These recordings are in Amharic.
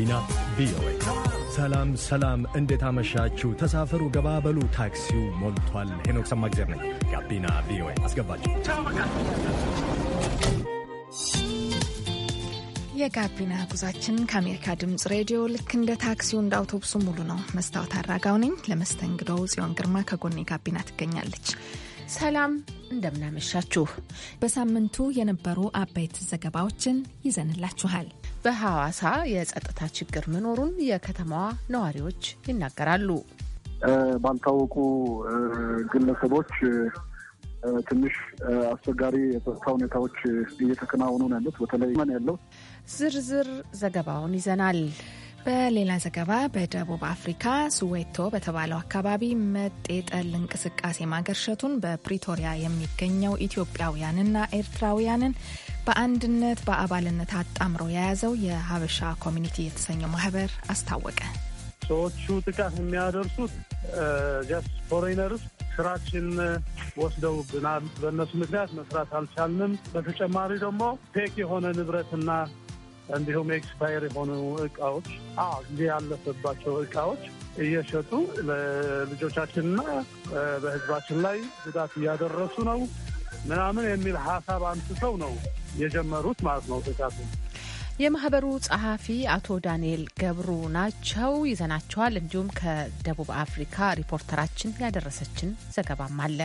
ጋቢና ቪኦኤ። ሰላም ሰላም፣ እንዴት አመሻችሁ? ተሳፈሩ፣ ገባበሉ፣ ታክሲው ሞልቷል። ሄኖክ ሰማግዜር ነኝ። ጋቢና ቪኦኤ አስገባችሁ። የጋቢና ጉዛችን ከአሜሪካ ድምፅ ሬዲዮ ልክ እንደ ታክሲው እንደ አውቶቡሱ ሙሉ ነው። መስታወት አራጋው ነኝ። ለመስተንግዶው ጽዮን ግርማ ከጎኔ ጋቢና ትገኛለች። ሰላም እንደምናመሻችሁ። በሳምንቱ የነበሩ አበይት ዘገባዎችን ይዘንላችኋል። በሐዋሳ የጸጥታ ችግር መኖሩን የከተማዋ ነዋሪዎች ይናገራሉ። ባልታወቁ ግለሰቦች ትንሽ አስቸጋሪ የጸጥታ ሁኔታዎች እየተከናወኑ ነው ያሉት። በተለይ መን ያለው ዝርዝር ዘገባውን ይዘናል። በሌላ ዘገባ በደቡብ አፍሪካ ሱዌቶ በተባለው አካባቢ መጤጠል እንቅስቃሴ ማገርሸቱን በፕሪቶሪያ የሚገኘው ኢትዮጵያውያንና ኤርትራውያንን በአንድነት በአባልነት አጣምሮ የያዘው የሀበሻ ኮሚኒቲ የተሰኘው ማህበር አስታወቀ። ሰዎቹ ጥቃት የሚያደርሱት ጀስት ፎሬነርስ ስራችን ወስደውብናል፣ በእነሱ ምክንያት መስራት አልቻልንም። በተጨማሪ ደግሞ ፌክ የሆነ ንብረትና እንዲሁም ኤክስፓየር የሆኑ እቃዎች ጊዜ ያለፈባቸው እቃዎች እየሸጡ ለልጆቻችንና በህዝባችን ላይ ጉዳት እያደረሱ ነው ምናምን የሚል ሀሳብ አንስተው ነው የጀመሩት ማለት ነው ጥቃቱ። የማህበሩ ጸሐፊ አቶ ዳንኤል ገብሩ ናቸው ይዘናቸዋል። እንዲሁም ከደቡብ አፍሪካ ሪፖርተራችን ያደረሰችን ዘገባም አለ።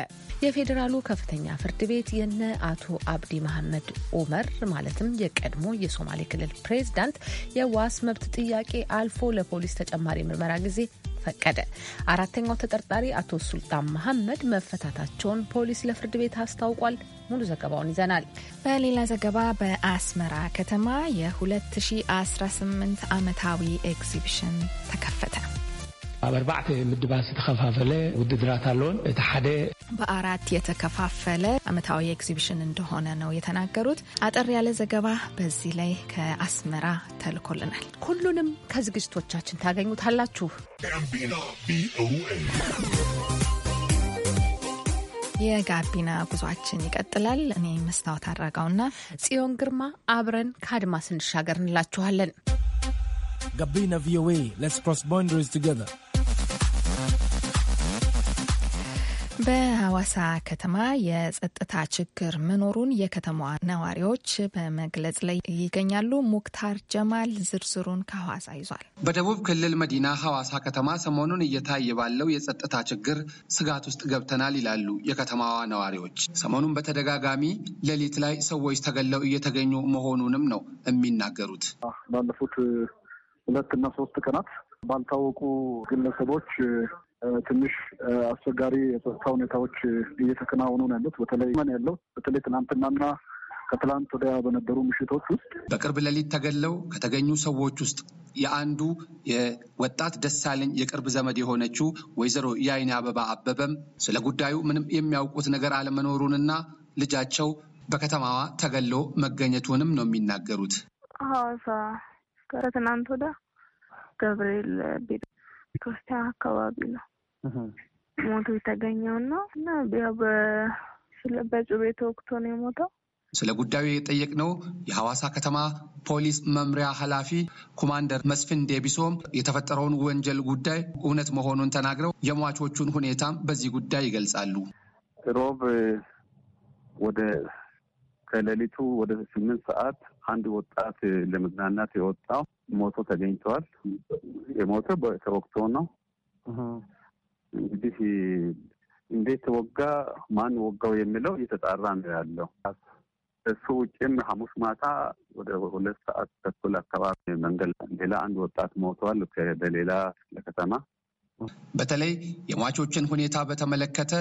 የፌዴራሉ ከፍተኛ ፍርድ ቤት የነ አቶ አብዲ መሐመድ ኡመር ማለትም የቀድሞ የሶማሌ ክልል ፕሬዝዳንት የዋስ መብት ጥያቄ አልፎ ለፖሊስ ተጨማሪ ምርመራ ጊዜ ፈቀደ። አራተኛው ተጠርጣሪ አቶ ሱልጣን መሐመድ መፈታታቸውን ፖሊስ ለፍርድ ቤት አስታውቋል። ሙሉ ዘገባውን ይዘናል። በሌላ ዘገባ በአስመራ ከተማ የ2018 ዓመታዊ ኤግዚቢሽን ተከፈተ። ኣብ ኣርባዕተ ምድባት ዝተኸፋፈለ ውድድራት ኣለዎን እቲ ሓደ በአራት የተከፋፈለ አመታዊ ኤግዚቢሽን እንደሆነ ነው የተናገሩት። አጠር ያለ ዘገባ በዚህ ላይ ከአስመራ ተልኮልናል። ሁሉንም ከዝግጅቶቻችን ታገኙታላችሁ። የጋቢና ጉዟችን ይቀጥላል። እኔ መስታወት አድራጋውና ጽዮን ግርማ አብረን ከአድማስ እንሻገር እንላችኋለን። ጋቢና ቪኦኤ ሌትስ ክሮስ ቦንደሪስ ቱጌዘር በሐዋሳ ከተማ የጸጥታ ችግር መኖሩን የከተማዋ ነዋሪዎች በመግለጽ ላይ ይገኛሉ። ሙክታር ጀማል ዝርዝሩን ከሐዋሳ ይዟል። በደቡብ ክልል መዲና ሐዋሳ ከተማ ሰሞኑን እየታየ ባለው የጸጥታ ችግር ስጋት ውስጥ ገብተናል ይላሉ የከተማዋ ነዋሪዎች። ሰሞኑን በተደጋጋሚ ሌሊት ላይ ሰዎች ተገለው እየተገኙ መሆኑንም ነው የሚናገሩት። ባለፉት ሁለት እና ሶስት ቀናት ባልታወቁ ግለሰቦች ትንሽ አስቸጋሪ የጸጥታ ሁኔታዎች እየተከናወኑ ነው ያሉት። በተለይ መን ያለው በተለይ ትናንትናና ከትላንት ወዲያ በነበሩ ምሽቶች ውስጥ በቅርብ ሌሊት ተገለው ከተገኙ ሰዎች ውስጥ የአንዱ የወጣት ደሳለኝ የቅርብ ዘመድ የሆነችው ወይዘሮ የአይኔ አበባ አበበም ስለ ጉዳዩ ምንም የሚያውቁት ነገር አለመኖሩንና ልጃቸው በከተማዋ ተገሎ መገኘቱንም ነው የሚናገሩት። ሐዋሳ ከትናንት ወዲያ ገብርኤል ቤተክርስቲያን አካባቢ ነው ሞቶ የተገኘው ነው እና ያው በጩቤ ተወግቶ ነው የሞተው። ስለ ጉዳዩ የጠየቅነው የሐዋሳ ከተማ ፖሊስ መምሪያ ኃላፊ ኮማንደር መስፍን ዴቢሶም የተፈጠረውን ወንጀል ጉዳይ እውነት መሆኑን ተናግረው የሟቾቹን ሁኔታም በዚህ ጉዳይ ይገልጻሉ። ሮብ ወደ ከሌሊቱ ወደ ስምንት ሰዓት አንድ ወጣት ለመዝናናት የወጣው ሞቶ ተገኝተዋል። የሞተው ተወቅቶ ነው። እንግዲህ እንዴት ወጋ ማን ወጋው የሚለው እየተጣራ ነው ያለው። እሱ ውጭም ሐሙስ ማታ ወደ ሁለት ሰዓት ተኩል አካባቢ መንገድ ሌላ አንድ ወጣት ሞተዋል። በሌላ ለከተማ በተለይ የሟቾችን ሁኔታ በተመለከተ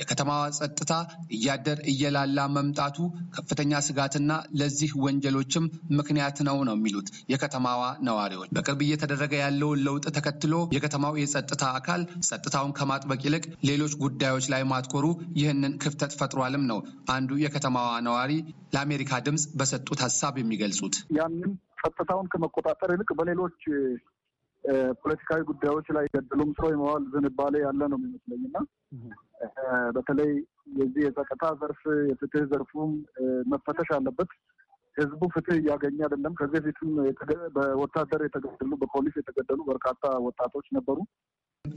የከተማዋ ጸጥታ እያደር እየላላ መምጣቱ ከፍተኛ ስጋትና ለዚህ ወንጀሎችም ምክንያት ነው ነው የሚሉት የከተማዋ ነዋሪዎች። በቅርብ እየተደረገ ያለውን ለውጥ ተከትሎ የከተማው የጸጥታ አካል ጸጥታውን ከማጥበቅ ይልቅ ሌሎች ጉዳዮች ላይ ማትኮሩ ይህንን ክፍተት ፈጥሯልም ነው አንዱ የከተማዋ ነዋሪ ለአሜሪካ ድምፅ በሰጡት ሀሳብ የሚገልጹት። ያንን ጸጥታውን ከመቆጣጠር ይልቅ በሌሎች ፖለቲካዊ ጉዳዮች ላይ ገድሉም ሰው የመዋል ዝንባሌ ያለ ነው የሚመስለኝ እና በተለይ የዚህ የጸጥታ ዘርፍ የፍትህ ዘርፉም መፈተሽ አለበት። ህዝቡ ፍትህ እያገኘ አይደለም። ከዚህ በፊትም በወታደር የተገደሉ በፖሊስ የተገደሉ በርካታ ወጣቶች ነበሩ።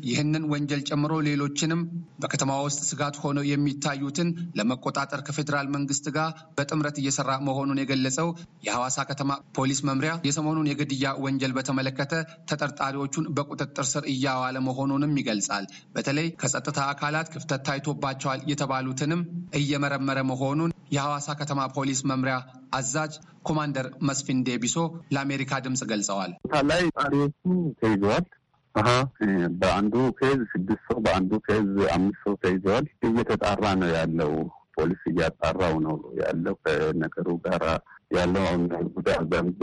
ይህንን ወንጀል ጨምሮ ሌሎችንም በከተማ ውስጥ ስጋት ሆነው የሚታዩትን ለመቆጣጠር ከፌዴራል መንግስት ጋር በጥምረት እየሰራ መሆኑን የገለጸው የሐዋሳ ከተማ ፖሊስ መምሪያ የሰሞኑን የግድያ ወንጀል በተመለከተ ተጠርጣሪዎቹን በቁጥጥር ስር እያዋለ መሆኑንም ይገልጻል። በተለይ ከጸጥታ አካላት ክፍተት ታይቶባቸዋል የተባሉትንም እየመረመረ መሆኑን የሐዋሳ ከተማ ፖሊስ መምሪያ አዛዥ ኮማንደር መስፍን ዴቢሶ ለአሜሪካ ድምፅ ገልጸዋል። ላይ ጣሪዎቹ ተይዘዋል። በአንዱ ኬዝ ስድስት ሰው በአንዱ ኬዝ አምስት ሰው ተይዘዋል። እየተጣራ ነው ያለው። ፖሊስ እያጣራው ነው ያለው። ከነገሩ ጋር ያለው አሁን ጉዳይ አዛምዞ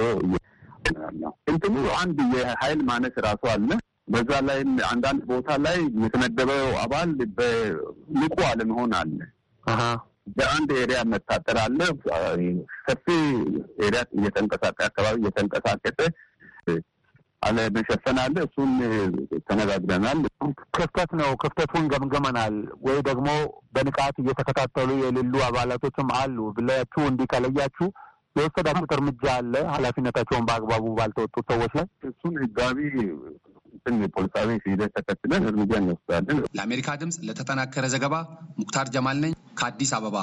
ያለው እንትኑ አንድ የሀይል ማነስ ራሱ አለ። በዛ ላይ አንዳንድ ቦታ ላይ የተመደበው አባል በንቁ አለመሆን አለ። በአንድ ኤሪያ መታጠር አለ። ሰፊ ኤሪያ እየተንቀሳቀ አካባቢ እየተንቀሳቀሰ አለመሸፈን አለ። እሱን ተነጋግረናል። ክፍተት ነው፣ ክፍተቱን ገምገመናል። ወይ ደግሞ በንቃት እየተከታተሉ የሌሉ አባላቶችም አሉ ብላችሁ እንዲህ ከለያችሁ የወሰዳችሁት እርምጃ አለ፣ ኃላፊነታቸውን በአግባቡ ባልተወጡት ሰዎች ላይ እሱን ህጋቢ ፖሊሳዊ ሂደት ተከትለን እርምጃ እንወስዳለን። ለአሜሪካ ድምፅ ለተጠናከረ ዘገባ ሙክታር ጀማል ነኝ ከአዲስ አበባ።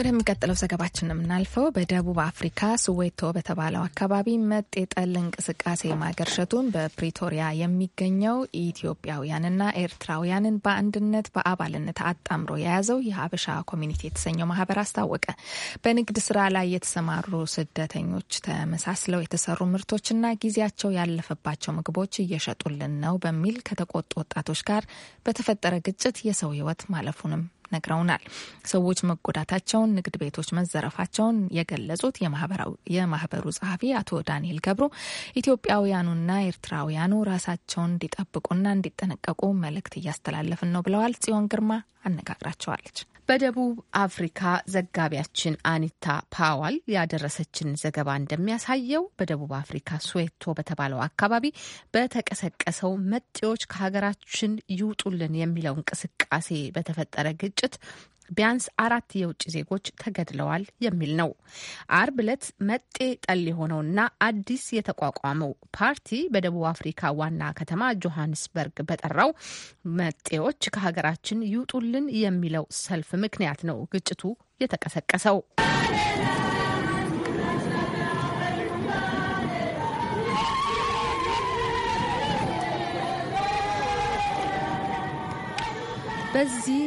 ወደሚቀጥለው ዘገባችን የምናልፈው በደቡብ አፍሪካ ሱዌቶ በተባለው አካባቢ መጤ ጠል እንቅስቃሴ ማገርሸቱን በፕሪቶሪያ የሚገኘው ኢትዮጵያውያንና ኤርትራውያንን በአንድነት በአባልነት አጣምሮ የያዘው የሀበሻ ኮሚኒቲ የተሰኘው ማህበር አስታወቀ። በንግድ ስራ ላይ የተሰማሩ ስደተኞች ተመሳስለው የተሰሩ ምርቶችና ጊዜያቸው ያለፈባቸው ምግቦች እየሸጡልን ነው በሚል ከተቆጡ ወጣቶች ጋር በተፈጠረ ግጭት የሰው ህይወት ማለፉንም ነግረውናል። ሰዎች መጎዳታቸውን፣ ንግድ ቤቶች መዘረፋቸውን የገለጹት የማህበሩ ጸሐፊ አቶ ዳንኤል ገብሩ ኢትዮጵያውያኑና ኤርትራውያኑ ራሳቸውን እንዲጠብቁና እንዲጠነቀቁ መልእክት እያስተላለፍን ነው ብለዋል። ጽዮን ግርማ አነጋግራቸዋለች። በደቡብ አፍሪካ ዘጋቢያችን አኒታ ፓዋል ያደረሰችን ዘገባ እንደሚያሳየው በደቡብ አፍሪካ ስዌቶ በተባለው አካባቢ በተቀሰቀሰው መጤዎች ከሀገራችን ይውጡልን የሚለው እንቅስቃሴ በተፈጠረ ግጭት ቢያንስ አራት የውጭ ዜጎች ተገድለዋል የሚል ነው። አርብ ዕለት መጤ ጠል የሆነውና አዲስ የተቋቋመው ፓርቲ በደቡብ አፍሪካ ዋና ከተማ ጆሃንስበርግ በጠራው መጤዎች ከሀገራችን ይውጡልን የሚለው ሰልፍ ምክንያት ነው ግጭቱ የተቀሰቀሰው። በዚህ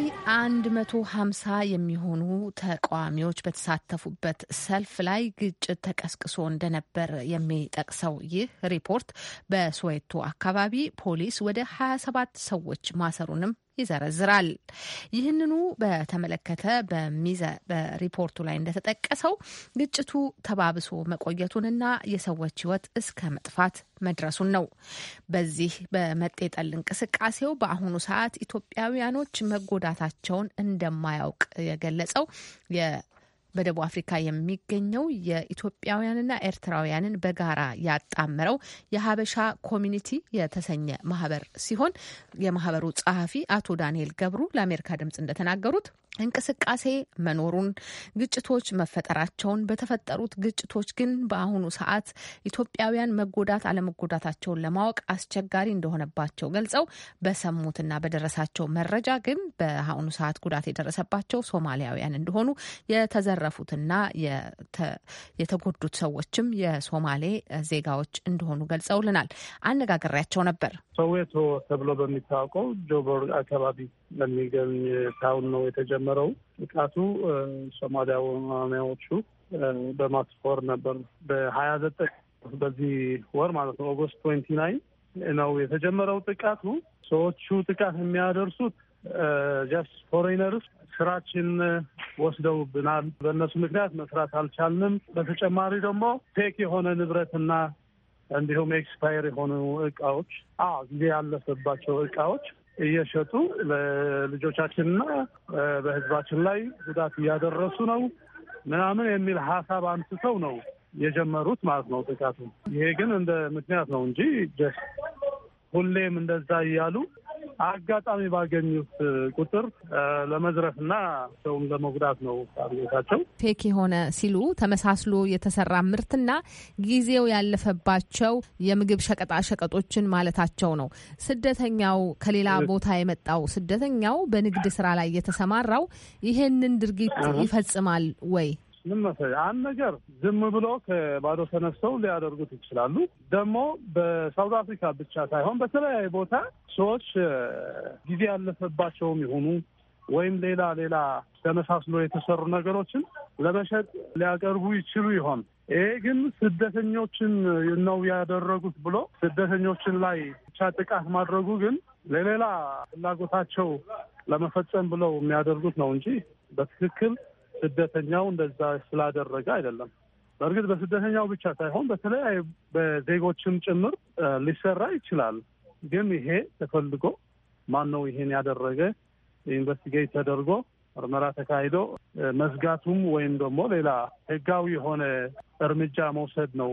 150 የሚሆኑ ተቃዋሚዎች በተሳተፉበት ሰልፍ ላይ ግጭት ተቀስቅሶ እንደነበር የሚጠቅሰው ይህ ሪፖርት በሶዌቶ አካባቢ ፖሊስ ወደ 27 ሰዎች ማሰሩንም ይዘረዝራል። ይህንኑ በተመለከተ በሚዘ በሪፖርቱ ላይ እንደተጠቀሰው ግጭቱ ተባብሶ መቆየቱንና የሰዎች ሕይወት እስከ መጥፋት መድረሱን ነው። በዚህ በመጤጠል እንቅስቃሴው በአሁኑ ሰዓት ኢትዮጵያውያኖች መጎዳታቸውን እንደማያውቅ የገለጸው በደቡብ አፍሪካ የሚገኘው የኢትዮጵያውያንና ኤርትራውያንን በጋራ ያጣመረው የሀበሻ ኮሚኒቲ የተሰኘ ማህበር ሲሆን የማህበሩ ጸሐፊ አቶ ዳንኤል ገብሩ ለአሜሪካ ድምጽ እንደተናገሩት እንቅስቃሴ መኖሩን፣ ግጭቶች መፈጠራቸውን፣ በተፈጠሩት ግጭቶች ግን በአሁኑ ሰዓት ኢትዮጵያውያን መጎዳት አለመጎዳታቸውን ለማወቅ አስቸጋሪ እንደሆነባቸው ገልጸው በሰሙትና በደረሳቸው መረጃ ግን በአሁኑ ሰዓት ጉዳት የደረሰባቸው ሶማሊያውያን እንደሆኑ የተዘ የተረፉትና የተጎዱት ሰዎችም የሶማሌ ዜጋዎች እንደሆኑ ገልጸውልናል። አነጋግሬያቸው ነበር። ሶዌቶ ተብሎ በሚታወቀው ጆቦር አካባቢ በሚገኝ ታውን ነው የተጀመረው ጥቃቱ። ሶማሊያውያኖቹ በማስፈር ነበር በሀያ ዘጠኝ በዚህ ወር ማለት ነው ኦገስት ትዌንቲ ናይን ነው የተጀመረው ጥቃቱ። ሰዎቹ ጥቃት የሚያደርሱት ጀስት ፎሬነርስ ስራችን ወስደውብናል። በእነሱ ምክንያት መስራት አልቻልንም። በተጨማሪ ደግሞ ፌክ የሆነ ንብረትና እንዲሁም ኤክስፓየር የሆኑ እቃዎች ጊዜ ያለፈባቸው እቃዎች እየሸጡ ለልጆቻችንና በህዝባችን ላይ ጉዳት እያደረሱ ነው ምናምን የሚል ሀሳብ አንስተው ነው የጀመሩት ማለት ነው ጥቃቱ። ይሄ ግን እንደ ምክንያት ነው እንጂ ሁሌም እንደዛ እያሉ አጋጣሚ ባገኙት ቁጥር ለመዝረፍ እና ሰውም ለመጉዳት ነው ታቸው ፌክ የሆነ ሲሉ ተመሳስሎ የተሰራ ምርትና ጊዜው ያለፈባቸው የምግብ ሸቀጣ ሸቀጦችን ማለታቸው ነው። ስደተኛው ከሌላ ቦታ የመጣው ስደተኛው በንግድ ስራ ላይ የተሰማራው ይሄንን ድርጊት ይፈጽማል ወይ? ምን መሰለህ አንድ ነገር ዝም ብሎ ከባዶ ተነስተው ሊያደርጉት ይችላሉ። ደግሞ በሳውት አፍሪካ ብቻ ሳይሆን በተለያዩ ቦታ ሰዎች ጊዜ ያለፈባቸውም ይሆኑ ወይም ሌላ ሌላ ተመሳስሎ የተሰሩ ነገሮችን ለመሸጥ ሊያቀርቡ ይችሉ ይሆን። ይሄ ግን ስደተኞችን ነው ያደረጉት ብሎ ስደተኞችን ላይ ብቻ ጥቃት ማድረጉ ግን ለሌላ ፍላጎታቸው ለመፈጸም ብለው የሚያደርጉት ነው እንጂ በትክክል ስደተኛው እንደዛ ስላደረገ አይደለም። በእርግጥ በስደተኛው ብቻ ሳይሆን በተለያዩ በዜጎችም ጭምር ሊሰራ ይችላል። ግን ይሄ ተፈልጎ ማን ነው ይሄን ያደረገ ኢንቨስቲጌት ተደርጎ ምርመራ ተካሂዶ መዝጋቱም ወይም ደግሞ ሌላ ህጋዊ የሆነ እርምጃ መውሰድ ነው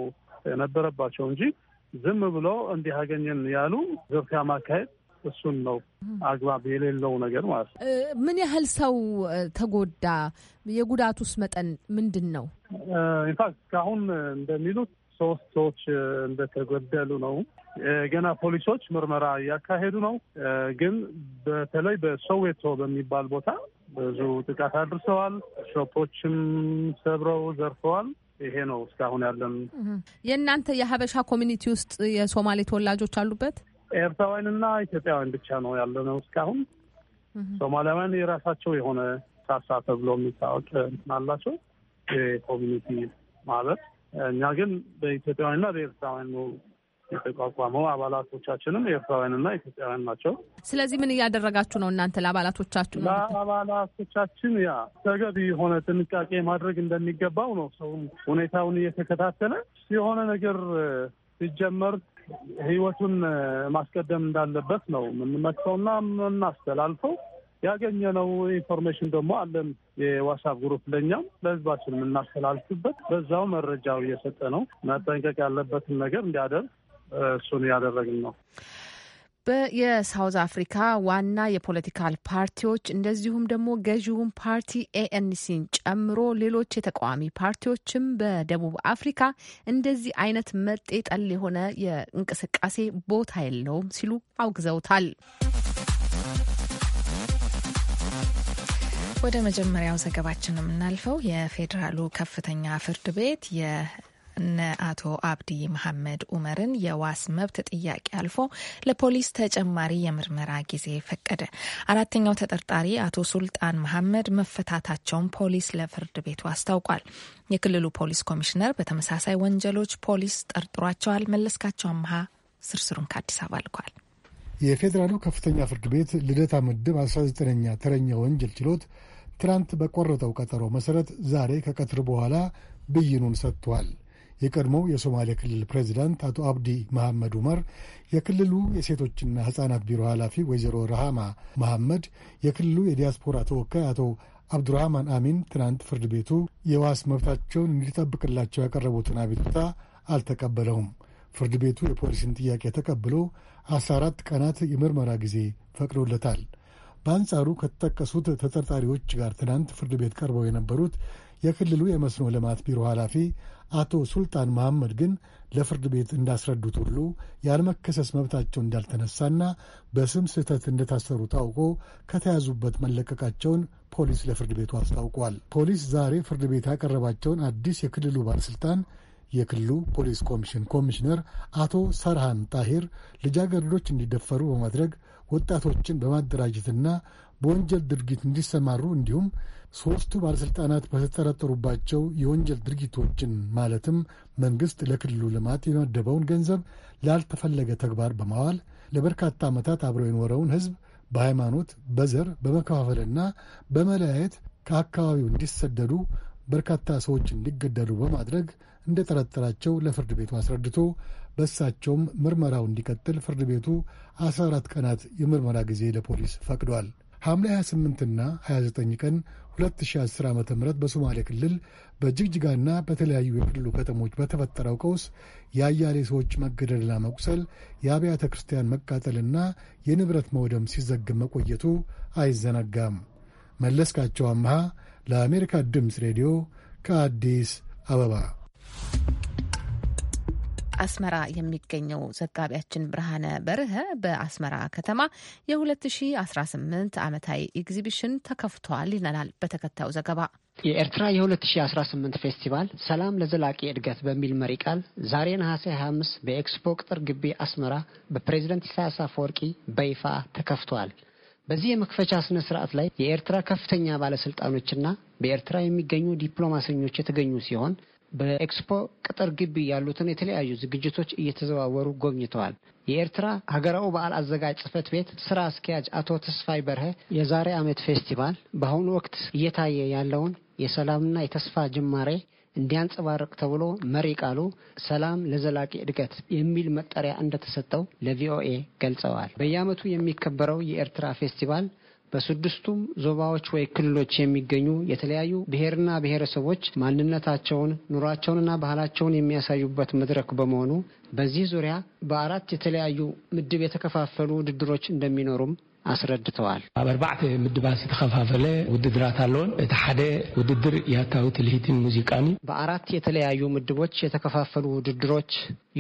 የነበረባቸው እንጂ ዝም ብሎ እንዲህ አገኘን ያሉ ዝርፊያ ማካሄድ እሱን ነው አግባብ የሌለው ነገር ማለት ነው። ምን ያህል ሰው ተጎዳ? የጉዳቱስ መጠን ምንድን ነው? ኢንፋክት እስካሁን እንደሚሉት ሶስት ሰዎች እንደተጎደሉ ነው። ገና ፖሊሶች ምርመራ እያካሄዱ ነው። ግን በተለይ በሶዌቶ በሚባል ቦታ ብዙ ጥቃት አድርሰዋል። ሾፖችም ሰብረው ዘርፈዋል። ይሄ ነው እስካሁን ያለን። የእናንተ የሀበሻ ኮሚኒቲ ውስጥ የሶማሌ ተወላጆች አሉበት? ኤርትራውያንና ኢትዮጵያውያን ብቻ ነው ያለ ነው እስካሁን። ሶማሊያውያን የራሳቸው የሆነ ሳሳ ተብሎ የሚታወቅ አላቸው የኮሚኒቲ ማህበር። እኛ ግን በኢትዮጵያውያንና በኤርትራውያን ነው የተቋቋመው። አባላቶቻችንም ኤርትራውያንና ኢትዮጵያውያን ናቸው። ስለዚህ ምን እያደረጋችሁ ነው እናንተ ለአባላቶቻችሁ? ለአባላቶቻችን ያ ተገቢ የሆነ ጥንቃቄ ማድረግ እንደሚገባው ነው ሰው ሁኔታውን እየተከታተለ የሆነ ነገር ሲጀመር ህይወቱን ማስቀደም እንዳለበት ነው የምንመክሰውና የምናስተላልፈው። ያገኘነው ኢንፎርሜሽን ደግሞ አለን የዋትሳፕ ግሩፕ ለእኛም ለህዝባችን የምናስተላልፍበት በዛው መረጃው እየሰጠ ነው። መጠንቀቅ ያለበትን ነገር እንዲያደርግ እሱን እያደረግን ነው። የሳውዝ አፍሪካ ዋና የፖለቲካል ፓርቲዎች እንደዚሁም ደግሞ ገዢውን ፓርቲ ኤኤንሲን ጨምሮ ሌሎች የተቃዋሚ ፓርቲዎችም በደቡብ አፍሪካ እንደዚህ አይነት መጤጠል የሆነ የእንቅስቃሴ ቦታ የለውም ሲሉ አውግዘውታል። ወደ መጀመሪያው ዘገባችን የምናልፈው የፌዴራሉ ከፍተኛ ፍርድ ቤት እነ አቶ አብዲ መሐመድ ኡመርን የዋስ መብት ጥያቄ አልፎ ለፖሊስ ተጨማሪ የምርመራ ጊዜ ፈቀደ። አራተኛው ተጠርጣሪ አቶ ሱልጣን መሐመድ መፈታታቸውን ፖሊስ ለፍርድ ቤቱ አስታውቋል። የክልሉ ፖሊስ ኮሚሽነር በተመሳሳይ ወንጀሎች ፖሊስ ጠርጥሯቸዋል። መለስካቸው አምሃ ስርስሩን ከአዲስ አበባ ልኳል። የፌዴራሉ ከፍተኛ ፍርድ ቤት ልደታ ምድብ 19ኛ ተረኛ ወንጀል ችሎት ትናንት በቆረጠው ቀጠሮ መሰረት ዛሬ ከቀትር በኋላ ብይኑን ሰጥቷል። የቀድሞው የሶማሌ ክልል ፕሬዚዳንት አቶ አብዲ መሐመድ ኡመር፣ የክልሉ የሴቶችና ህጻናት ቢሮ ኃላፊ ወይዘሮ ረሃማ መሐመድ፣ የክልሉ የዲያስፖራ ተወካይ አቶ አብዱራህማን አሚን ትናንት ፍርድ ቤቱ የዋስ መብታቸውን እንዲጠብቅላቸው ያቀረቡትን አቤቱታ አልተቀበለውም። ፍርድ ቤቱ የፖሊስን ጥያቄ ተቀብሎ 14 ቀናት የምርመራ ጊዜ ፈቅዶለታል። በአንጻሩ ከተጠቀሱት ተጠርጣሪዎች ጋር ትናንት ፍርድ ቤት ቀርበው የነበሩት የክልሉ የመስኖ ልማት ቢሮ ኃላፊ አቶ ሱልጣን መሐመድ ግን ለፍርድ ቤት እንዳስረዱት ሁሉ ያለመከሰስ መብታቸው እንዳልተነሳና በስም ስህተት እንደታሰሩ ታውቆ ከተያዙበት መለቀቃቸውን ፖሊስ ለፍርድ ቤቱ አስታውቋል። ፖሊስ ዛሬ ፍርድ ቤት ያቀረባቸውን አዲስ የክልሉ ባለሥልጣን የክልሉ ፖሊስ ኮሚሽን ኮሚሽነር አቶ ሰርሃን ጣሂር ልጃገረዶች እንዲደፈሩ በማድረግ ወጣቶችን በማደራጀትና በወንጀል ድርጊት እንዲሰማሩ እንዲሁም ሦስቱ ባለሥልጣናት በተጠረጠሩባቸው የወንጀል ድርጊቶችን ማለትም መንግሥት ለክልሉ ልማት የመደበውን ገንዘብ ላልተፈለገ ተግባር በማዋል ለበርካታ ዓመታት አብረው የኖረውን ሕዝብ በሃይማኖት፣ በዘር በመከፋፈልና በመለያየት ከአካባቢው እንዲሰደዱ በርካታ ሰዎች እንዲገደሉ በማድረግ እንደጠረጠራቸው ለፍርድ ቤቱ አስረድቶ በእሳቸውም ምርመራው እንዲቀጥል ፍርድ ቤቱ 14 ቀናት የምርመራ ጊዜ ለፖሊስ ፈቅዷል። ሐምሌ 28ና 29 ቀን 2010 ዓ ም በሶማሌ ክልል በጅግጅጋና በተለያዩ የክልሉ ከተሞች በተፈጠረው ቀውስ የአያሌ ሰዎች መገደልና መቁሰል፣ የአብያተ ክርስቲያን መቃጠልና የንብረት መውደም ሲዘግብ መቆየቱ አይዘነጋም። መለስካቸው አመሃ ለአሜሪካ ድምፅ ሬዲዮ ከአዲስ አበባ አስመራ የሚገኘው ዘጋቢያችን ብርሃነ በርሀ በአስመራ ከተማ የ2018 ዓመታዊ ኤግዚቢሽን ተከፍቷል ይለናል በተከታዩ ዘገባ። የኤርትራ የ2018 ፌስቲቫል ሰላም ለዘላቂ እድገት በሚል መሪ ቃል ዛሬ ነሐሴ 25 በኤክስፖ ቅጥር ግቢ አስመራ በፕሬዝደንት ኢሳያስ አፈወርቂ በይፋ ተከፍቷል። በዚህ የመክፈቻ ስነ ስርዓት ላይ የኤርትራ ከፍተኛ ባለስልጣኖችና በኤርትራ የሚገኙ ዲፕሎማሰኞች የተገኙ ሲሆን በኤክስፖ ቅጥር ግቢ ያሉትን የተለያዩ ዝግጅቶች እየተዘዋወሩ ጎብኝተዋል። የኤርትራ ሀገራዊ በዓል አዘጋጅ ጽህፈት ቤት ስራ አስኪያጅ አቶ ተስፋይ በርሀ የዛሬ ዓመት ፌስቲቫል በአሁኑ ወቅት እየታየ ያለውን የሰላምና የተስፋ ጅማሬ እንዲያንጸባርቅ ተብሎ መሪ ቃሉ ሰላም ለዘላቂ እድገት የሚል መጠሪያ እንደተሰጠው ለቪኦኤ ገልጸዋል። በየዓመቱ የሚከበረው የኤርትራ ፌስቲቫል በስድስቱም ዞባዎች ወይ ክልሎች የሚገኙ የተለያዩ ብሔርና ብሔረሰቦች ማንነታቸውን፣ ኑሯቸውንና ባህላቸውን የሚያሳዩበት መድረክ በመሆኑ በዚህ ዙሪያ በአራት የተለያዩ ምድብ የተከፋፈሉ ውድድሮች እንደሚኖሩም አስረድተዋል። ኣብ ኣርባዕተ ምድባት ዝተኸፋፈለ ውድድራት ኣለዎን እቲ ሓደ ውድድር ያታዊ ትልሂትን ሙዚቃን እዩ በአራት የተለያዩ ምድቦች የተከፋፈሉ ውድድሮች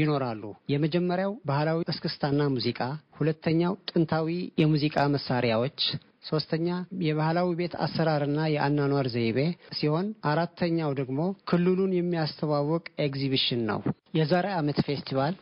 ይኖራሉ። የመጀመሪያው ባህላዊ እስክስታና ሙዚቃ፣ ሁለተኛው ጥንታዊ የሙዚቃ መሳሪያዎች ሶስተኛ የባህላዊ ቤት አሰራርና የአኗኗር ዘይቤ ሲሆን አራተኛው ደግሞ ክልሉን የሚያስተዋውቅ ኤግዚቢሽን ነው። የዛሬ ዓመት ፌስቲቫል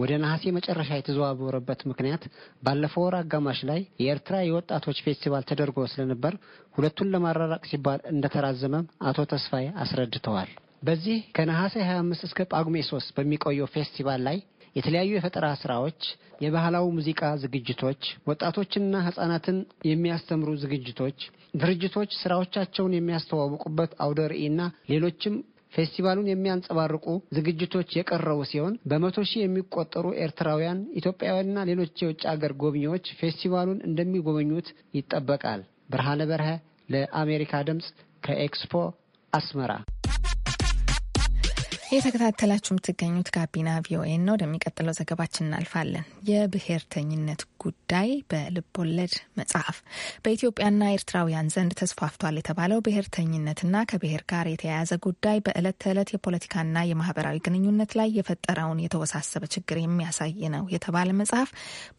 ወደ ነሐሴ መጨረሻ የተዘዋወረበት ምክንያት ባለፈው ወር አጋማሽ ላይ የኤርትራ የወጣቶች ፌስቲቫል ተደርጎ ስለነበር ሁለቱን ለማራራቅ ሲባል እንደተራዘመም አቶ ተስፋዬ አስረድተዋል። በዚህ ከነሐሴ 25 እስከ ጳጉሜ 3 በሚቆየው ፌስቲቫል ላይ የተለያዩ የፈጠራ ስራዎች፣ የባህላዊ ሙዚቃ ዝግጅቶች፣ ወጣቶችና ህጻናትን የሚያስተምሩ ዝግጅቶች፣ ድርጅቶች ስራዎቻቸውን የሚያስተዋውቁበት አውደ ርዕይና ሌሎችም ፌስቲቫሉን የሚያንጸባርቁ ዝግጅቶች የቀረቡ ሲሆን በመቶ ሺህ የሚቆጠሩ ኤርትራውያን፣ ኢትዮጵያውያንና ሌሎች የውጭ አገር ጎብኚዎች ፌስቲቫሉን እንደሚጎበኙት ይጠበቃል። ብርሃነ በርሀ ለአሜሪካ ድምፅ ከኤክስፖ አስመራ እየተከታተላችሁ የምትገኙት ጋቢና ቪኦኤ ነው። ወደሚቀጥለው ዘገባችን እናልፋለን። የብሔርተኝነት ጉዳይ በልቦለድ መጽሐፍ በኢትዮጵያና ኤርትራውያን ዘንድ ተስፋፍቷል የተባለው ብሔርተኝነትና ከብሔር ጋር የተያያዘ ጉዳይ በዕለት ተዕለት የፖለቲካና የማህበራዊ ግንኙነት ላይ የፈጠረውን የተወሳሰበ ችግር የሚያሳይ ነው የተባለ መጽሐፍ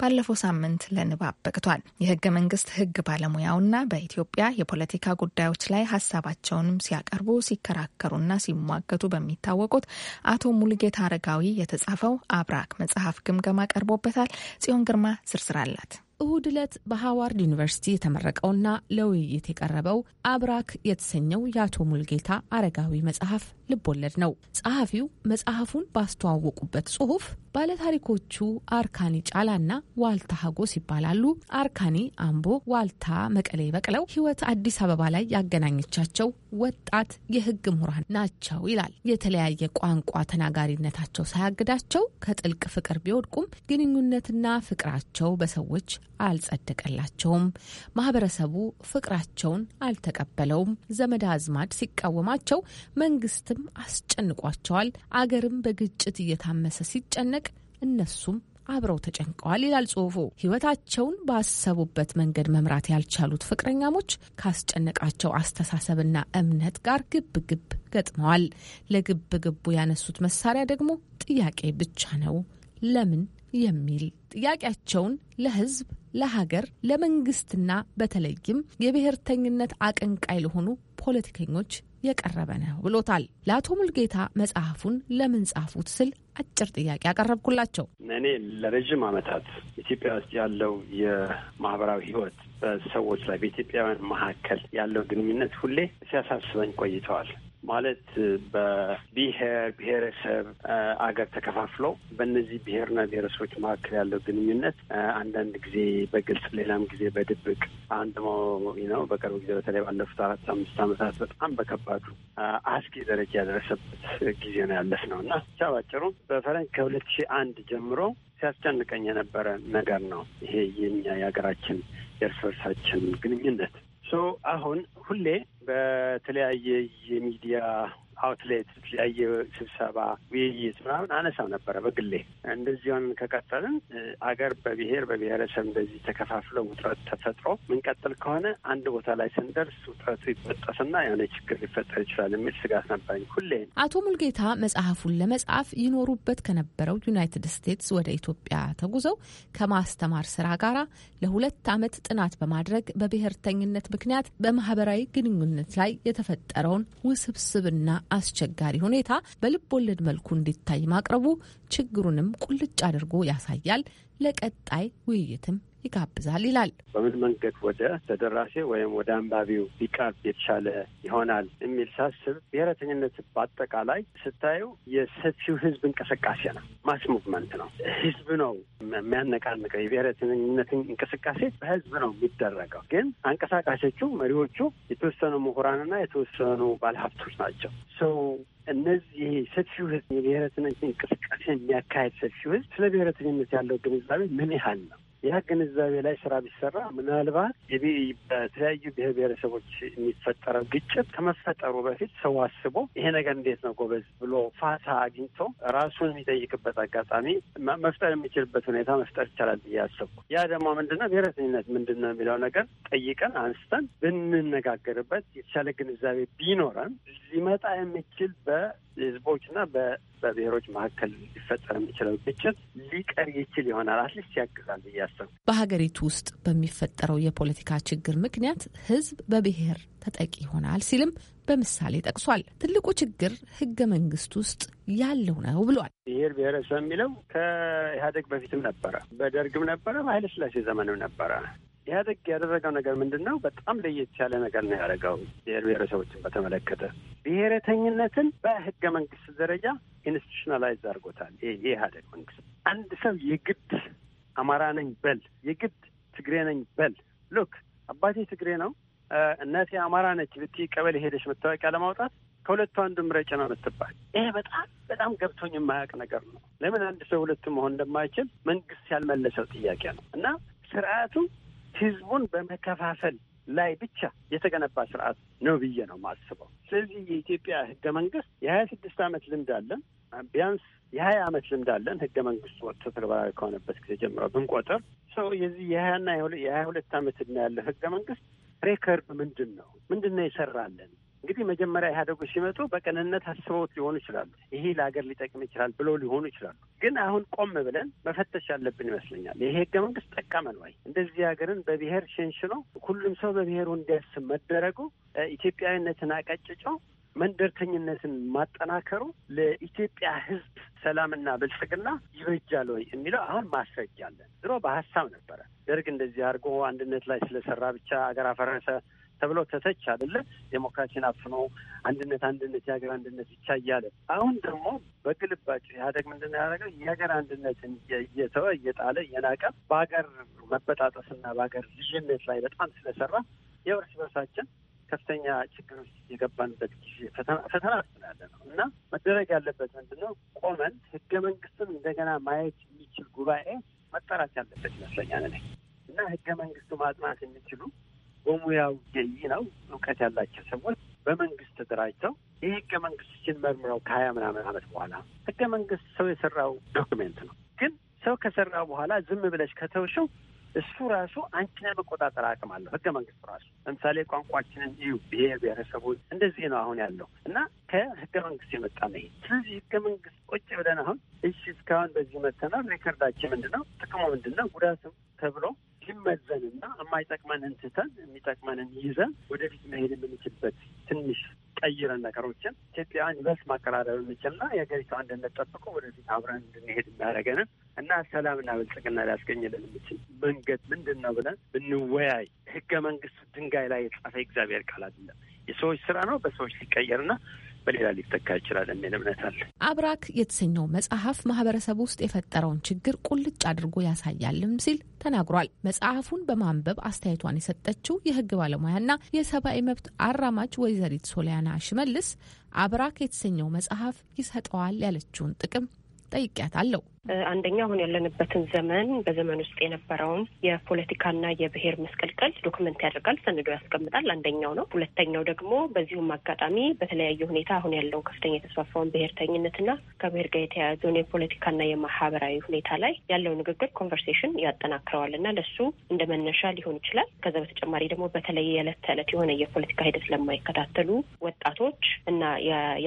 ባለፈው ሳምንት ለንባብ በቅቷል። የህገ መንግስት ህግ ባለሙያውና በኢትዮጵያ የፖለቲካ ጉዳዮች ላይ ሀሳባቸውንም ሲያቀርቡ ሲከራከሩና ሲሟገቱ በሚታወቁት አቶ ሙሉጌታ አረጋዊ የተጻፈው አብራክ መጽሐፍ ግምገማ ቀርቦበታል። ጽዮን ግርማ ዝርዝር ስራ አላት። እሁድ ዕለት በሃዋርድ ዩኒቨርሲቲ የተመረቀውና ለውይይት የቀረበው አብራክ የተሰኘው የአቶ ሙልጌታ አረጋዊ መጽሐፍ ልቦለድ ነው። ጸሐፊው መጽሐፉን ባስተዋወቁበት ጽሑፍ ባለታሪኮቹ አርካኒ ጫላና ዋልታ ሀጎስ ይባላሉ። አርካኒ አምቦ፣ ዋልታ መቀሌ በቅለው ሕይወት አዲስ አበባ ላይ ያገናኘቻቸው ወጣት የሕግ ምሁራን ናቸው ይላል። የተለያየ ቋንቋ ተናጋሪነታቸው ሳያግዳቸው ከጥልቅ ፍቅር ቢወድቁም ግንኙነትና ፍቅራቸው በሰዎች አልጸደቀላቸውም። ማህበረሰቡ ፍቅራቸውን አልተቀበለውም። ዘመድ አዝማድ ሲቃወማቸው መንግስት ስጋትም አስጨንቋቸዋል። አገርም በግጭት እየታመሰ ሲጨነቅ እነሱም አብረው ተጨንቀዋል ይላል ጽሁፉ። ህይወታቸውን ባሰቡበት መንገድ መምራት ያልቻሉት ፍቅረኛሞች ካስጨነቃቸው አስተሳሰብና እምነት ጋር ግብ ግብ ገጥመዋል። ለግብ ግቡ ያነሱት መሳሪያ ደግሞ ጥያቄ ብቻ ነው። ለምን የሚል ጥያቄያቸውን ለህዝብ፣ ለሀገር፣ ለመንግስትና በተለይም የብሔርተኝነት አቀንቃይ ለሆኑ ፖለቲከኞች የቀረበ ነው ብሎታል። ለአቶ ሙልጌታ መጽሐፉን ለምን ጻፉት ስል አጭር ጥያቄ ያቀረብኩላቸው እኔ ለረዥም ዓመታት ኢትዮጵያ ውስጥ ያለው የማህበራዊ ህይወት በሰዎች ላይ በኢትዮጵያውያን መካከል ያለው ግንኙነት ሁሌ ሲያሳስበኝ ቆይተዋል። ማለት በብሔር ብሔረሰብ አገር ተከፋፍሎ በእነዚህ ብሔርና ብሔረሰቦች መካከል ያለው ግንኙነት አንዳንድ ጊዜ በግልጽ ሌላም ጊዜ በድብቅ አንድ ነው። በቅርብ ጊዜ በተለይ ባለፉት አራት አምስት አመታት በጣም በከባዱ አስጊ ደረጃ ያደረሰበት ጊዜ ነው ያለፍ ነው እና ብቻ ባጭሩ በፈረንጅ ከሁለት ሺህ አንድ ጀምሮ ሲያስጨንቀኝ የነበረ ነገር ነው ይሄ የኛ የሀገራችን የእርስ በርሳችን ግንኙነት አሁን ሁሌ በተለያየ የሚዲያ አውትሌት፣ የተለያየ ስብሰባ፣ ውይይት ምናምን አነሳው ነበረ በግሌ። እንደዚሁን ከቀጠልን አገር በብሔር በብሔረሰብ እንደዚህ ተከፋፍሎ ውጥረት ተፈጥሮ ምንቀጥል ከሆነ አንድ ቦታ ላይ ስንደርስ ውጥረቱ ይበጠስና የሆነ ችግር ሊፈጠር ይችላል የሚል ስጋት ነበረኝ ሁሌ። አቶ ሙልጌታ መጽሐፉን ለመጻፍ ይኖሩበት ከነበረው ዩናይትድ ስቴትስ ወደ ኢትዮጵያ ተጉዘው ከማስተማር ስራ ጋር ለሁለት ዓመት ጥናት በማድረግ በብሔርተኝነት ምክንያት በማህበራዊ ግንኙነት ላይ የተፈጠረውን ውስብስብና አስቸጋሪ ሁኔታ በልብ ወለድ መልኩ እንዲታይ ማቅረቡ ችግሩንም ቁልጭ አድርጎ ያሳያል። ለቀጣይ ውይይትም ይጋብዛል ይላል። በምን መንገድ ወደ ተደራሴ ወይም ወደ አንባቢው ቢቀርብ የተሻለ ይሆናል የሚል ሳስብ ብሔረተኝነት በአጠቃላይ ስታዩ የሰፊው ህዝብ እንቅስቃሴ ነው። ማስ ሙቭመንት ነው። ህዝብ ነው የሚያነቃንቀው። የብሔረተኝነት እንቅስቃሴ በህዝብ ነው የሚደረገው። ግን አንቀሳቃሾቹ መሪዎቹ የተወሰኑ ምሁራንና የተወሰኑ ባለሀብቶች ናቸው። ሰው እነዚህ ሰፊው ህዝብ የብሔረተኝነት እንቅስቃሴ የሚያካሄድ ሰፊው ህዝብ ስለ ብሔረተኝነት ያለው ግንዛቤ ምን ያህል ነው? ያ ግንዛቤ ላይ ስራ ቢሰራ ምናልባት በተለያዩ ብሔረሰቦች የሚፈጠረው ግጭት ከመፈጠሩ በፊት ሰው አስቦ ይሄ ነገር እንዴት ነው ጎበዝ ብሎ ፋታ አግኝቶ ራሱን የሚጠይቅበት አጋጣሚ መፍጠር የሚችልበት ሁኔታ መፍጠር ይቻላል ብዬ አስቡ ያ ደግሞ ምንድነው ብሔረተኝነት ምንድን ነው የሚለው ነገር ጠይቀን አንስተን ብንነጋገርበት የተሻለ ግንዛቤ ቢኖረን ሊመጣ የሚችል በህዝቦችና በብሔሮች መካከል ሊፈጠር የሚችለው ግጭት ሊቀር ይችል ይሆናል። አትሊስት ያግዛል ብዬ ማሰብ። በሀገሪቱ ውስጥ በሚፈጠረው የፖለቲካ ችግር ምክንያት ህዝብ በብሔር ተጠቂ ይሆናል ሲልም በምሳሌ ጠቅሷል። ትልቁ ችግር ህገ መንግስት ውስጥ ያለው ነው ብሏል። ብሔር ብሔረሰብ የሚለው ከኢህአዴግ በፊትም ነበረ፣ በደርግም ነበረ፣ በኃይለስላሴ ዘመንም ነበረ። ኢህአዴግ ያደረገው ነገር ምንድን ነው? በጣም ለየት ያለ ነገር ነው ያደረገው። ብሔር ብሔረሰቦችን በተመለከተ ብሔረተኝነትን በህገ መንግስት ደረጃ ኢንስቲቱሽናላይዝ አድርጎታል። ይህ መንግስት አንድ ሰው የግድ አማራ ነኝ በል፣ የግድ ትግሬ ነኝ በል። ሉክ አባቴ ትግሬ ነው እናቴ አማራ ነች ብቲ ቀበሌ ሄደች መታወቂያ ለማውጣት ከሁለቱ አንዱ ምረጭ ነው የምትባል። ይሄ በጣም በጣም ገብቶኝ የማያውቅ ነገር ነው። ለምን አንድ ሰው ሁለቱ መሆን እንደማይችል መንግስት ያልመለሰው ጥያቄ ነው እና ስርዓቱ ህዝቡን በመከፋፈል ላይ ብቻ የተገነባ ስርዓት ነው ብዬ ነው ማስበው ስለዚህ የኢትዮጵያ ህገ መንግስት የሀያ ስድስት ዓመት ልምድ አለን። ቢያንስ የሀያ ዓመት ልምድ አለን ህገ መንግስቱ ወጥቶ ተግባራዊ ከሆነበት ጊዜ ጀምሮ ብንቆጥር ሰው የዚህ የሀያና የሀያ ሁለት ዓመት እድሜ ያለ ህገ መንግስት ሬከርድ ምንድን ነው? ምንድን ነው የሰራለን? እንግዲህ መጀመሪያ ኢህአደጎች ሲመጡ በቅንነት አስበውት ሊሆኑ ይችላሉ። ይሄ ለሀገር ሊጠቅም ይችላል ብለው ሊሆኑ ይችላሉ። ግን አሁን ቆም ብለን መፈተሽ ያለብን ይመስለኛል። ይሄ ህገ መንግስት ጠቀመ ነው ወይ? እንደዚህ ሀገርን በብሔር ሸንሽኖ ሁሉም ሰው በብሔሩ እንዲያስብ መደረጉ ኢትዮጵያዊነትን አቀጭጮ መንደርተኝነትን ማጠናከሩ ለኢትዮጵያ ህዝብ ሰላምና ብልጽግና ይበጃል ወይ የሚለው አሁን ማስረጃ አለን። ድሮ በሀሳብ ነበረ። ደርግ እንደዚህ አድርጎ አንድነት ላይ ስለሰራ ብቻ አገር አፈረሰ ተብለው ተተች አደለ? ዴሞክራሲን አፍኖ አንድነት አንድነት የሀገር አንድነት ብቻ እያለ አሁን ደግሞ በግልባቸው ኢህአዴግ ምንድን ያደረገው የሀገር አንድነትን እየተወ እየጣለ እየናቀ በሀገር መበጣጠስና በሀገር ልዩነት ላይ በጣም ስለሰራ የእርስ በርሳችን ከፍተኛ ችግር ውስጥ የገባንበት ጊዜ ፈተና ስላለ ነው እና መደረግ ያለበት ምንድነው ቆመን ህገ መንግስትን እንደገና ማየት የሚችል ጉባኤ መጠራት ያለበት ይመስለኛል እኔ እና ህገ መንግስቱ ማጥናት የሚችሉ በሙያው ገይ ነው እውቀት ያላቸው ሰዎች በመንግስት ተደራጅተው ይህ ህገ መንግስትን መርምረው ከሀያ ምናምን አመት በኋላ ህገ መንግስት ሰው የሰራው ዶክሜንት ነው። ግን ሰው ከሰራው በኋላ ዝም ብለሽ ከተውሽው እሱ ራሱ አንቺን የመቆጣጠር አቅም አለው። ህገ መንግስቱ ራሱ ለምሳሌ ቋንቋችንን እዩ፣ ብሄር ብሔረሰቦች እንደዚህ ነው አሁን ያለው እና ከህገ መንግስት የመጣ ነው። ስለዚህ ህገ መንግስት ቁጭ ብለን አሁን እሺ እስካሁን በዚህ መተናል፣ ሬከርዳችን ምንድን ነው፣ ጥቅሙ ምንድን ነው፣ ጉዳቱ ተብሎ ሊመዘንና የማይጠቅመንን ትተን የሚጠቅመንን ይዘን ወደፊት መሄድ የምንችልበት ትንሽ ቀይረን ነገሮችን ኢትዮጵያ ኢንቨስት ማቀራረብ የምንችልና የሀገሪቱ አንድነት ጠብቆ ወደፊት አብረን እንድንሄድ የሚያደርገንን እና ሰላምና ብልጽግና ሊያስገኝልን የምችል መንገድ ምንድን ነው ብለን ብንወያይ ህገ መንግስት ድንጋይ ላይ የተጻፈ እግዚአብሔር ቃል አይደለም። የሰዎች ስራ ነው። በሰዎች ሊቀየርና? በሌላ ሊተካ ይችላል የሚል እምነት አለ። አብራክ የተሰኘው መጽሐፍ ማህበረሰብ ውስጥ የፈጠረውን ችግር ቁልጭ አድርጎ ያሳያልም ሲል ተናግሯል። መጽሐፉን በማንበብ አስተያየቷን የሰጠችው የህግ ባለሙያና የሰብአዊ መብት አራማጅ ወይዘሪት ሶሊያና ሽመልስ አብራክ የተሰኘው መጽሐፍ ይሰጠዋል ያለችውን ጥቅም አለው። አንደኛ አሁን ያለንበትን ዘመን በዘመን ውስጥ የነበረውን የፖለቲካና የብሔር መስቀልቀል ዶክመንት ያደርጋል፣ ሰንዶ ያስቀምጣል። አንደኛው ነው። ሁለተኛው ደግሞ በዚሁም አጋጣሚ በተለያየ ሁኔታ አሁን ያለውን ከፍተኛ የተስፋፋውን ብሔርተኝነትና ከብሔር ጋር የተያያዘውን የፖለቲካና የማህበራዊ ሁኔታ ላይ ያለው ንግግር ኮንቨርሴሽን ያጠናክረዋል ለሱ እንደ መነሻ ሊሆን ይችላል። ከዛ በተጨማሪ ደግሞ በተለይ የዕለት ተዕለት የሆነ የፖለቲካ ሂደት ለማይከታተሉ ወጣቶች እና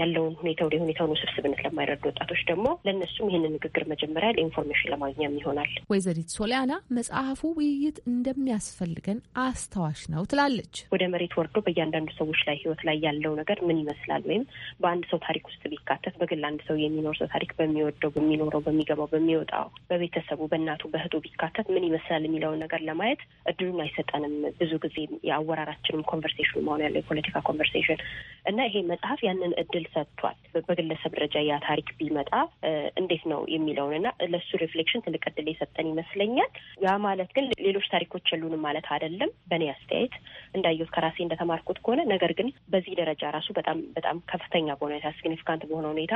ያለውን ሁኔታ ወደ ሁኔታውን ውስብስብነት ለማይረዱ ወጣቶች ደግሞ ለእነሱም ይህንን ንግግር መጀመ መጀመሪያ ኢንፎርሜሽን ለማግኘም ይሆናል። ወይዘሪት ሶሊያና መጽሐፉ ውይይት እንደሚያስፈልገን አስታዋሽ ነው ትላለች። ወደ መሬት ወርዶ በእያንዳንዱ ሰዎች ላይ ህይወት ላይ ያለው ነገር ምን ይመስላል ወይም በአንድ ሰው ታሪክ ውስጥ ቢካተት በግል አንድ ሰው የሚኖር ሰው ታሪክ በሚወደው በሚኖረው በሚገባው በሚወጣው በቤተሰቡ በእናቱ በእህቱ ቢካተት ምን ይመስላል የሚለውን ነገር ለማየት እድሉን አይሰጠንም። ብዙ ጊዜ የአወራራችንም ኮንቨርሴሽን መሆን ያለው የፖለቲካ ኮንቨርሴሽን እና ይሄ መጽሐፍ ያንን እድል ሰጥቷል። በግለሰብ ደረጃ ያ ታሪክ ቢመጣ እንዴት ነው የሚለው እና ለሱ ሪፍሌክሽን ትልቅ እድል የሰጠን ይመስለኛል። ያ ማለት ግን ሌሎች ታሪኮች የሉንም ማለት አይደለም። በእኔ አስተያየት እንዳየሁት ከራሴ እንደተማርኩት ከሆነ ነገር ግን በዚህ ደረጃ ራሱ በጣም በጣም ከፍተኛ በሆነ ሁኔታ ሲግኒፊካንት በሆነ ሁኔታ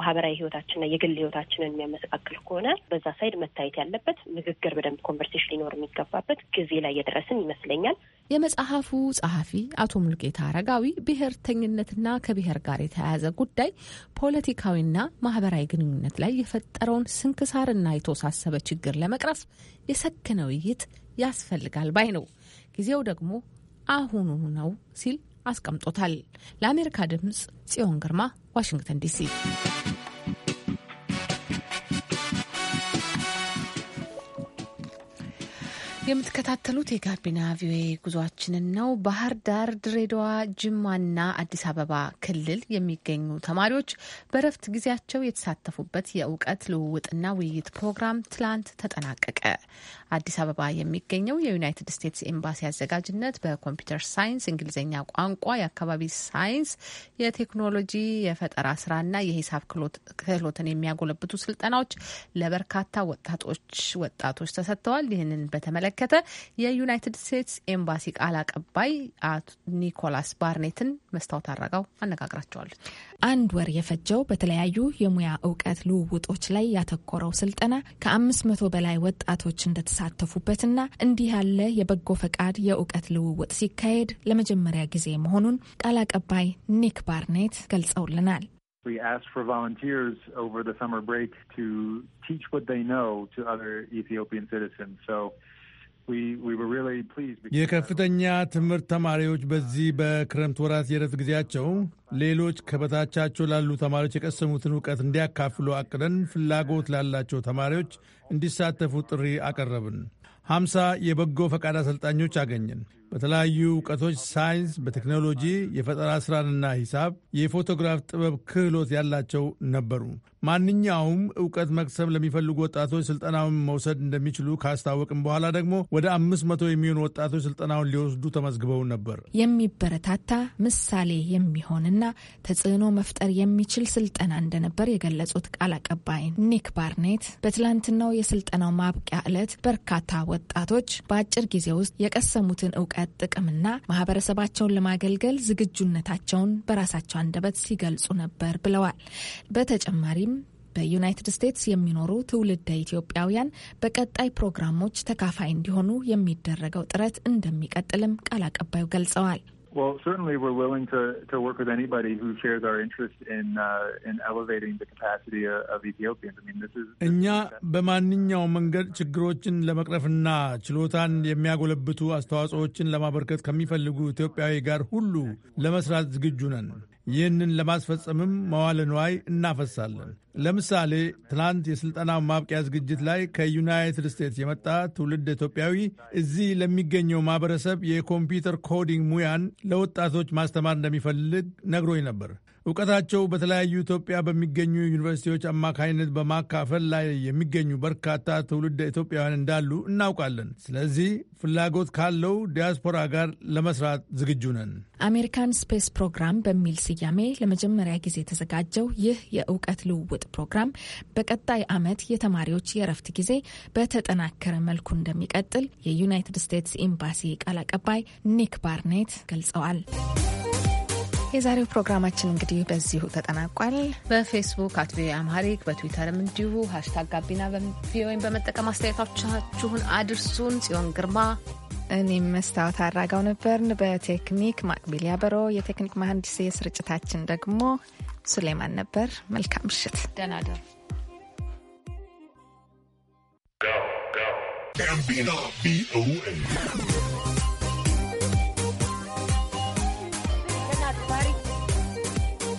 ማህበራዊ ህይወታችንና የግል ህይወታችንን የሚያመሰቃቅል ከሆነ በዛ ሳይድ መታየት ያለበት ንግግር፣ በደንብ ኮንቨርሴሽን ሊኖር የሚገባበት ጊዜ ላይ የደረስን ይመስለኛል። የመጽሐፉ ጸሐፊ አቶ ሙልጌታ አረጋዊ ብሔርተኝነትና ከብሔር ጋር የተያያዘ ጉዳይ ፖለቲካዊና ማህበራዊ ግንኙነት ላይ የፈጠረውን ስንክሳርና የተወሳሰበ ችግር ለመቅረፍ የሰከነ ውይይት ያስፈልጋል ባይ ነው። ጊዜው ደግሞ አሁኑ ነው ሲል አስቀምጦታል። ለአሜሪካ ድምፅ ጽዮን ግርማ ዋሽንግተን ዲሲ የምትከታተሉት የጋቢና ቪኦኤ ጉዟችንን ነው። ባህር ዳር፣ ድሬዳዋ፣ ጅማና አዲስ አበባ ክልል የሚገኙ ተማሪዎች በረፍት ጊዜያቸው የተሳተፉበት የእውቀት ልውውጥና ውይይት ፕሮግራም ትላንት ተጠናቀቀ። አዲስ አበባ የሚገኘው የዩናይትድ ስቴትስ ኤምባሲ አዘጋጅነት በኮምፒውተር ሳይንስ፣ እንግሊዝኛ ቋንቋ፣ የአካባቢ ሳይንስ፣ የቴክኖሎጂ የፈጠራ ስራና የሂሳብ ክህሎትን የሚያጎለብቱ ስልጠናዎች ለበርካታ ወጣቶች ወጣቶች ተሰጥተዋል። ይህንን በተመለከተ የዩናይትድ ስቴትስ ኤምባሲ ቃል አቀባይ ኒኮላስ ባርኔትን መስታወት አረጋው አነጋግራቸዋለች። አንድ ወር የፈጀው በተለያዩ የሙያ እውቀት ልውውጦች ላይ ያተኮረው ስልጠና ከአምስት መቶ በላይ ወጣቶች እንደተሳ የተሳተፉበትና እንዲህ ያለ የበጎ ፈቃድ የእውቀት ልውውጥ ሲካሄድ ለመጀመሪያ ጊዜ መሆኑን ቃል አቀባይ ኒክ ባርኔት ገልጸውልናል። We asked for volunteers over the summer break to teach what they know to other Ethiopian citizens. So የከፍተኛ ትምህርት ተማሪዎች በዚህ በክረምት ወራት የዕረፍት ጊዜያቸው ሌሎች ከበታቻቸው ላሉ ተማሪዎች የቀሰሙትን እውቀት እንዲያካፍሉ አቅደን ፍላጎት ላላቸው ተማሪዎች እንዲሳተፉ ጥሪ አቀረብን። ሀምሳ የበጎ ፈቃድ አሰልጣኞች አገኘን። በተለያዩ እውቀቶች ሳይንስ፣ በቴክኖሎጂ፣ የፈጠራ ስራንና ሂሳብ፣ የፎቶግራፍ ጥበብ ክህሎት ያላቸው ነበሩ። ማንኛውም እውቀት መቅሰም ለሚፈልጉ ወጣቶች ስልጠናውን መውሰድ እንደሚችሉ ካስታወቅም በኋላ ደግሞ ወደ አምስት መቶ የሚሆኑ ወጣቶች ስልጠናውን ሊወስዱ ተመዝግበው ነበር። የሚበረታታ ምሳሌ የሚሆንና ተጽዕኖ መፍጠር የሚችል ስልጠና እንደነበር የገለጹት ቃል አቀባይ ኒክ ባርኔት በትላንትናው የስልጠናው ማብቂያ ዕለት በርካታ ወጣቶች በአጭር ጊዜ ውስጥ የቀሰሙትን እውቀት የልህቀት ጥቅምና ማህበረሰባቸውን ለማገልገል ዝግጁነታቸውን በራሳቸው አንደበት ሲገልጹ ነበር ብለዋል። በተጨማሪም በዩናይትድ ስቴትስ የሚኖሩ ትውልደ ኢትዮጵያውያን በቀጣይ ፕሮግራሞች ተካፋይ እንዲሆኑ የሚደረገው ጥረት እንደሚቀጥልም ቃል አቀባዩ ገልጸዋል። Well, certainly we're willing to, to work with anybody who shares our interest in uh, in elevating the capacity of Ethiopians. I mean, this is እኛ በማንኛውም መንገድ ችግሮችን ለመቅረፍና ችሎታን የሚያጎለብቱ አስተዋጽኦዎችን ለማበርከት ከሚፈልጉ ኢትዮጵያዊ ጋር ሁሉ ለመስራት ዝግጁ ነን። ይህንን ለማስፈጸምም መዋለ ንዋይ እናፈሳለን። ለምሳሌ ትናንት የሥልጠናው ማብቂያ ዝግጅት ላይ ከዩናይትድ ስቴትስ የመጣ ትውልድ ኢትዮጵያዊ እዚህ ለሚገኘው ማኅበረሰብ የኮምፒውተር ኮዲንግ ሙያን ለወጣቶች ማስተማር እንደሚፈልግ ነግሮኝ ነበር። እውቀታቸው በተለያዩ ኢትዮጵያ በሚገኙ ዩኒቨርሲቲዎች አማካይነት በማካፈል ላይ የሚገኙ በርካታ ትውልደ ኢትዮጵያውያን እንዳሉ እናውቃለን። ስለዚህ ፍላጎት ካለው ዲያስፖራ ጋር ለመስራት ዝግጁ ነን። አሜሪካን ስፔስ ፕሮግራም በሚል ስያሜ ለመጀመሪያ ጊዜ የተዘጋጀው ይህ የእውቀት ልውውጥ ፕሮግራም በቀጣይ ዓመት የተማሪዎች የእረፍት ጊዜ በተጠናከረ መልኩ እንደሚቀጥል የዩናይትድ ስቴትስ ኤምባሲ ቃል አቀባይ ኒክ ባርኔት ገልጸዋል። የዛሬው ፕሮግራማችን እንግዲህ በዚሁ ተጠናቋል። በፌስቡክ አት ቪኦኤ አምሃሪክ በትዊተርም እንዲሁ ሀሽታግ ጋቢና ቪኦኤን በመጠቀም አስተያየታችሁን አድርሱን። ጽዮን ግርማ፣ እኔም መስታወት አራጋው ነበርን። በቴክኒክ ማቅቢል ያበሮ፣ የቴክኒክ መሀንዲስ፣ የስርጭታችን ደግሞ ሱሌማን ነበር። መልካም ምሽት፣ ደናደር ጋቢና ቪኦኤ